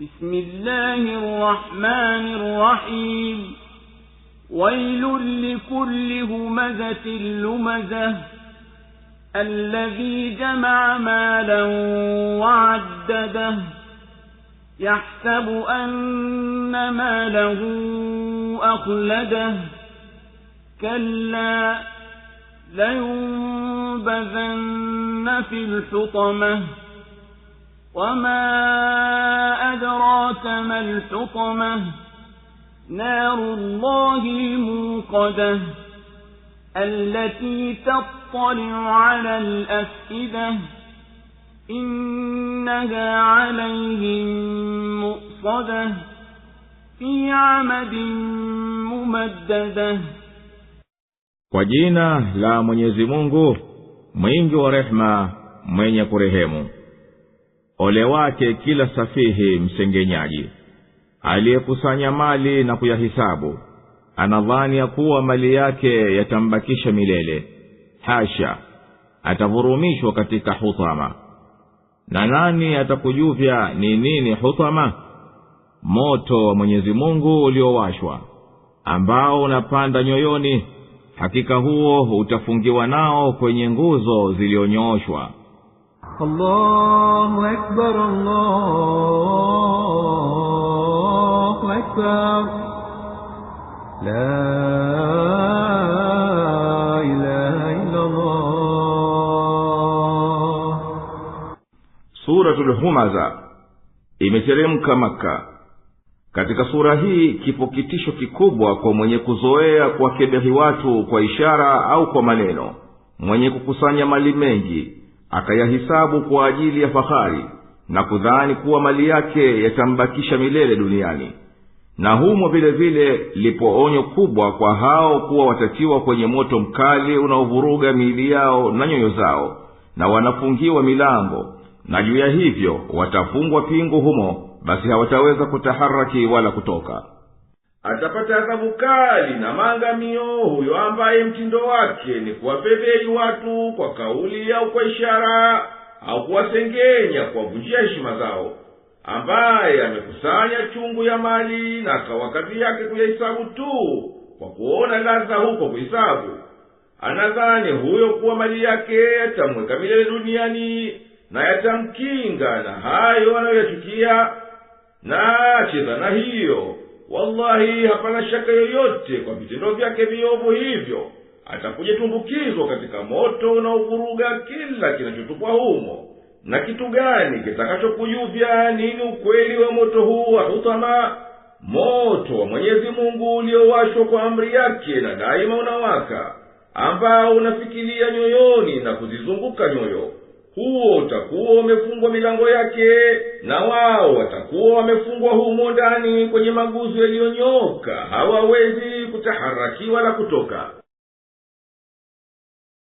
بسم الله الرحمن الرحيم ويل لكل همزة لمزة الذي جمع مالا وعدده يحسب أن ماله أخلده كلا لينبذن في الحطمة وما أدراك ما الحطمة نار الله الموقدة التي تطلع على الأفئدة إنها عليهم مؤصدة في عمد ممددة kwa jina la mwenyezi mungu mwingi wa rehema mwenye kurehemu ole wake kila safihi msengenyaji aliyekusanya mali na kuyahisabu anadhani ya kuwa mali yake yatambakisha milele hasha atavurumishwa katika hutama na nani atakujuvya ni nini hutama moto wa mwenyezi mungu uliowashwa ambao unapanda nyoyoni hakika huo utafungiwa nao kwenye nguzo ziliyonyooshwa الله أكبر imeteremka maka katika sura hii kipo kitisho kikubwa kwa mwenye kuzoea kuwakebehi watu kwa ishara au kwa maneno mwenye kukusanya mali mengi akayahisabu kwa ajili ya fahari na kudhani kuwa mali yake yatambakisha milele duniani na humo vile vile lipo onyo kubwa kwa hao kuwa watatiwa kwenye moto mkali unaovuruga miili yao na nyoyo zao na wanafungiwa milango na juu ya hivyo watafungwa pingu humo basi hawataweza kutaharaki wala kutoka atapata adhabu kali na maangamio huyo ambaye mtindo wake ni kuwafedheli watu kwa kauli au kwa ishara au kuwasengenya kuwavunjia heshima zao ambaye amekusanya chungu ya mali na kazi yake kuyahisabu tu kwa kuona laza huko kuhisabu anadhani huyo kuwa mali yake yatamweka milele duniani na yatamkinga na hayo anayoyachukia na ache na hiyo wallahi hapana shaka yoyote kwa vitendo vyake viovu hivyo atakujatumbukizwa katika moto unaovuruga kila kinachotupwa humo na kitu gani kitakachokujuvya nini ukweli wa moto huu wa hutama moto wa mwenyezi mungu uliowashwa kwa amri yake na daima unawaka ambao unafikilia nyoyoni na kuzizunguka nyoyo huo utakuwa umefungwa milango yake na wao watakuwa wamefungwa humo ndani kwenye maguzu yaliyonyoka hawawezi kutaharakiwa la kutoka